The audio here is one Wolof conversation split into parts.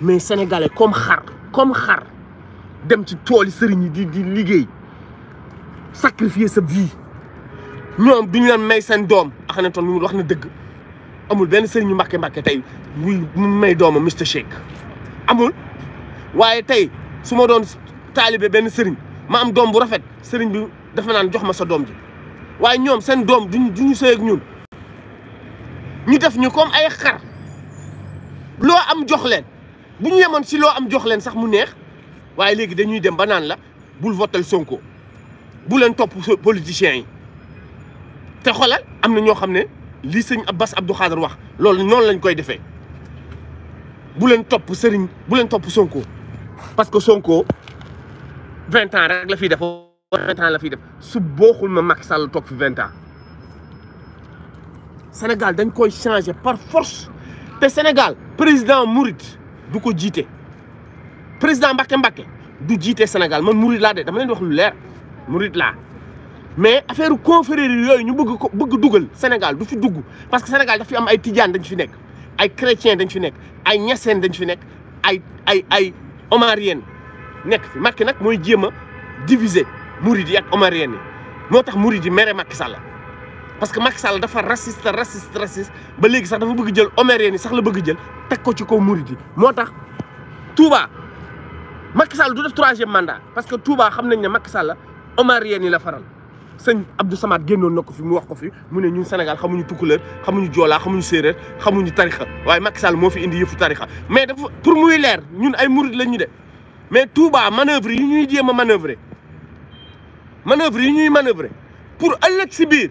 mais sénégalais comme xar comme xar dem ci tooli sëriñ yi di di liggéey sacrifier sa vie ñoom duñu leen may seen doom Akhenaton lu mu wax na dëgg amul benn sëriñu mbàkke mbàkke tey muy may doomam Mister Shake amul waaye tey su ma doon taalibe benn sëriñ ma am doom bu rafet sëriñ bi dafa naan jox ma sa doom ji waaye ñoom seen doom duñ duñu sëy ak ñun ñu def ñu comme ay xar loo am jox bu ñu yemoon si loo am jox leen sax mu neex waaye léegi dañuy dem ba naan la bul votel Sonko bu leen top politiciens yi te xoolal am na ñoo xam li sëñ Abbas Abdou Khader wax loolu noonu lañ koy defee bu leen topp sëriñ bu leen topp Sonko parce que Sonko vingt ans rek la fiy def vingt ans la fiy def su booxul ma Macky Sall fi vingt ans Sénégal dañ koy changer par force te Sénégal président Mouride du ko jiite président Mbacke Mbacke du jiite Sénégal man mourid la dé dama len wax lu lèr mourid la mais affaire confrérie yoy ñu bëgg ko bëgg duggal Sénégal du fi dugg parce que Sénégal da fi am ay tidiane dañ fi nek ay chrétien dañ fi nek ay ñassène dañ fi nek ay ay ay omarien nek fi Macky nak moy jéem diviser Mouride yak ak omarien yi moo tax Mouride yi Macky Sall parce que Macky Sall dafa raciste raciste raciste ba léegi sax dafa bëgg jël Omérien yi sax la bëgg jël teg ko ci kaw murid yi moo tax Touba Macky Sall du def troisième mandat parce que Touba xam nañ ne Macky Sall Omérien yi la faral sëñ Abdou Samad génnoon na ko fi mu wax ko fi mu ne ñu Sénégal xamuñu Tukulóor xamuñu Joolaa xamuñu Séeréer xamuñu tarixa waaye Macky Sall moo fi indi yëfu tarixa mais dafa pour muy leer ñun ay murid la ñu de mais Touba manœuvre yi ñuy jéem a manœuvrer manœuvre yi ñuy manœuvrer pour ëllëg si biir.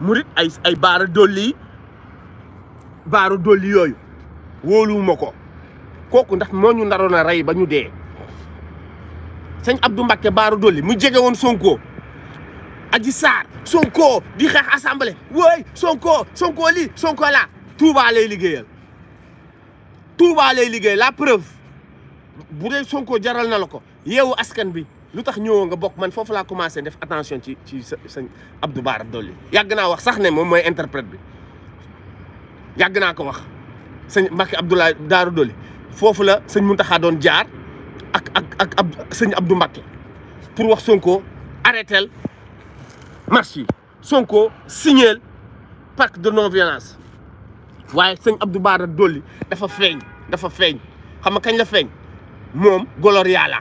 murit ay ay baara dolli baaru dolli yooyu wóoluwuma ko kooku ndax moo ñu naroon a rey ba ñu dee sëñ Abdou Mbacké baaru dolli mu jege woon Sonko aji saar Sonko di xeex assemblée wooy Sonko Sonko lii Sonko laa Touba liggéeyal Touba lay liggéeyal la preuve bu dee Sonko jaral na la ko yeewu askan bi lu ñëw nga bok man fofu la commencé def attention ci ci sa Abdou Bara dolli yàgg naa wax sax ne mom moy interprète bi yàgg naa ko wax sëñ Mbacké Abdoulaye Daaru dolli fofu la sëñ Mountakha doon jaar ak ak ak ab Abdou Mbacké pour wax Sonko arrêtel marche Sonko signeel pacte de non violence waaye sëñ Abdou Bara dolli dafa feeñ dafa feeñ xam nga kañ la feeñ mom Golor Yàlla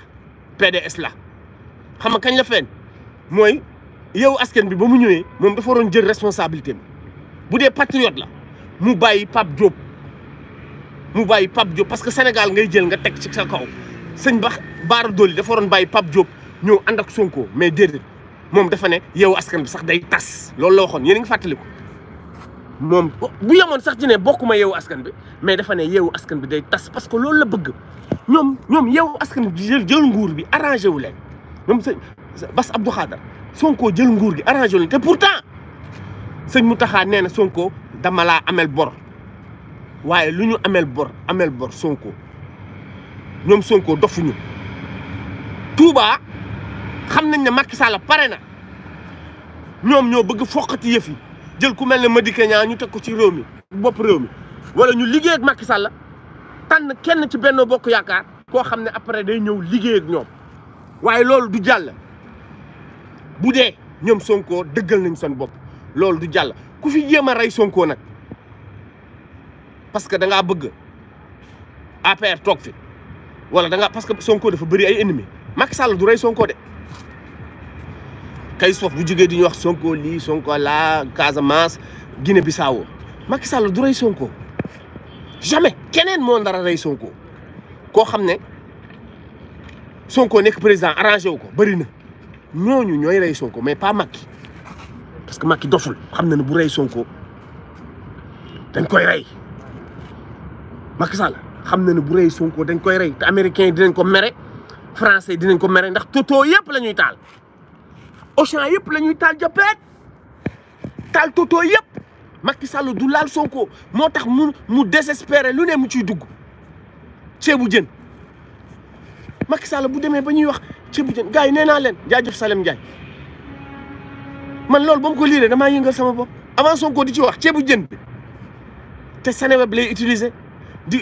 PDS la xam nga kañ la feeñ mooy yow askan bi ba mu ñëwee moom dafa waroon jël responsabilité bu dee patriote la mu bàyyi Pape Diop mu bàyyi Pape Diop parce que Sénégal ngay jël nga teg ci sa kaw sëñ ba baar dool dafa waroon bàyyi Pape Diop ñëw ànd ak Sonko mais déedéet moom dafa ne yow askan bi sax day tas loolu la waxoon yéen a ngi fàttaliku moom bu yemoon sax ci ne bokkuma yeewu askan bi mais dafa ne yeewu askan bi day tas parce que loolu la bëgg ñoom ñoom yeewu askan bi jël jël nguur bi arrangé wu leen. même sëñ Bass Abdou Khadar Sonko jël nguur gi arrangé wu te pourtant sëñ Mountakha nee na Sonko dama laa amel bor waaye lu ñu ameel bor amel bor Sonko ñoom Sonko dofuñu Touba xam nañ ne Macky Sall pare na ñoom ñoo bëgg foqati yëf yi jël ku mel ne Madické Niang ñu teg ko ci réew mi bopp réew mi wala ñu liggéey ak tan Sall kenn ci benn Bokk Yaakaar koo xam ne après day ñëw liggéey ak ñoom. waaye loolu du jàll bu dee ñoom Sonko dëggal nañ seen bopp loolu du jàll ku fi jéem a rey sonkoo nag parce que da ngaa bëgg APR toog fi wala danga parce que Sonko dafa bëri ay ennemis Macky Sall du rey sonkoo de kay sof bu jógee di ñu wax Sonko lii Sonko laa Casamance Guinée Bissau Macky Sall du rey Sonko jamais keneen moo ndara rey Sonko koo xam ne. Sonko nekk président arrangé Nous, na nous, Sonko mais pas Macky parce que Macky doful xam na ne bu Sonko dañ koy Ray Macky Sall xam na Sonko dañ koy Ray américains nous ko mere français nous mere ndax toto yëpp la taal taal taal toto yëpp Macky Sall du Sonko moo désespéré lu mu dugg Macky Sall bu demee ba ñuy wax ceebu jën gars yi nee naa leen jaajëf Salem Ndiaye man loolu ba mu ko liiree damaa yëngal sama bopp avant Sonko di ci wax ceebu jën bi te Seneweb lay utiliser di